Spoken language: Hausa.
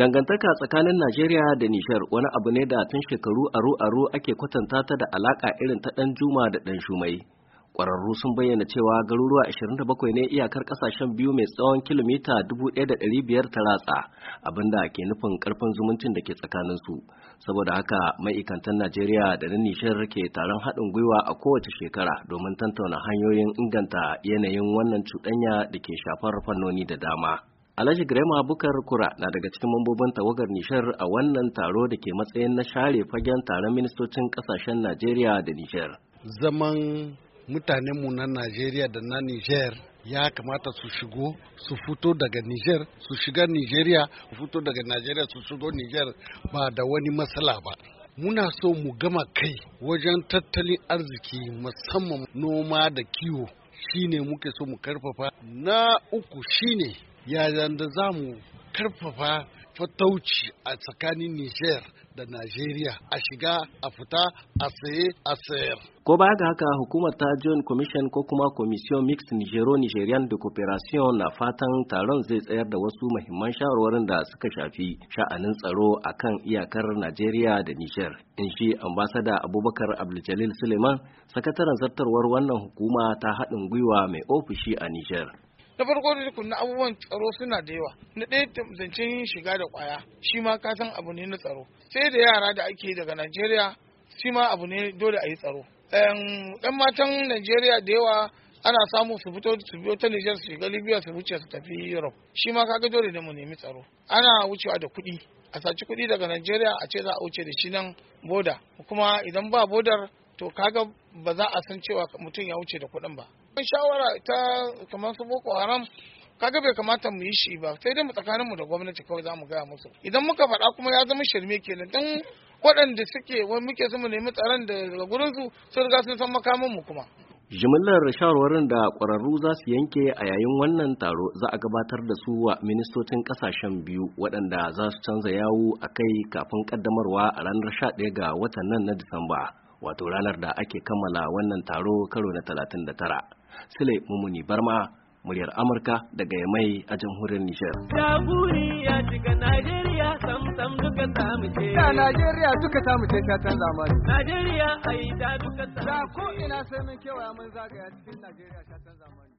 Dangantaka tsakanin Najeriya da Nijar wani abu ne da tun shekaru aro-aro ake kwatanta ta da alaka irin ta ɗan juma da ɗan shumai. Ƙwararru sun bayyana cewa garuruwa 27 ne iyakar ƙasashen biyu mai tsawon kilomita 1,500 ta ratsa, abinda ke nufin ƙarfin zumuncin da ke tsakaninsu. Saboda haka ma'aikatan Najeriya da na Nijar ke taron haɗin gwiwa a kowace shekara domin tantauna hanyoyin inganta yanayin wannan cuɗanya da ke shafar fannoni da dama. Alhaji Grema Bukar Kura na daga cikin mambobin tawagar Nishar a wannan taro da ke matsayin na share fagen taron ministocin kasashen Najeriya da Nijar. Zaman mutanenmu na Najeriya da na Nijar ya kamata su shigo su fito daga Nijar su shiga Nijeriya su fito daga Najeriya su shigo Nijar ba da wani matsala ba. Muna so mu gama kai wajen tattalin arziki musamman noma da kiwo shine muke so mu karfafa na uku shine yayin da za mu karfafa fatauci a tsakanin Niger da Najeriya a shiga a fita a saye a sayar. Ko baya ga haka hukumar ta John Commission ko kuma Commission Mixed Nigero-Nigerian de Cooperation na fatan taron zai tsayar da wasu mahimman shawarwarin da suka shafi sha'anin tsaro a kan iyakar Najeriya da Niger. In shi ambasada Abubakar Abdul Suleiman, sakataren zartarwar wannan hukuma ta haɗin gwiwa mai ofishi a Niger. na farko da na abubuwan tsaro suna da yawa na ɗaya zancen shiga da kwaya shi ma ka san abu ne na tsaro sai da yara da ake daga najeriya shi ma abu ne dole a yi tsaro ɗan matan najeriya da yawa ana samu su fito su biyo ta Nijar su shiga Libya su wuce su tafi Europe shi ma kaga dole ne mu nemi tsaro ana wucewa da kuɗi a saci kuɗi daga Najeriya a ce za a wuce da shi nan boda kuma idan ba bodar to kaga ba za a san cewa mutum ya wuce da kuɗin ba shawara ta kamar su boko haram kaga bai kamata mu yi shi ba sai dai mu tsakaninmu da gwamnati kawai za mu gaya musu idan muka faɗa kuma ya zama shirme kenan dan waɗanda suke wani muke su mu nemi tsaron daga gurin su sun riga sun san makamin mu kuma jimillar shawarwarin da ƙwararru za su yanke a yayin wannan taro za a gabatar da su wa ministocin ƙasashen biyu waɗanda za su canza yawo a kai kafin kaddamarwa a ranar 11 ga watan nan na disamba wato ranar da ake kammala wannan taro karo na 39 sule mumuni barma muryar amurka daga yamai a jamhuriyar nishar zagaya cikin najeriya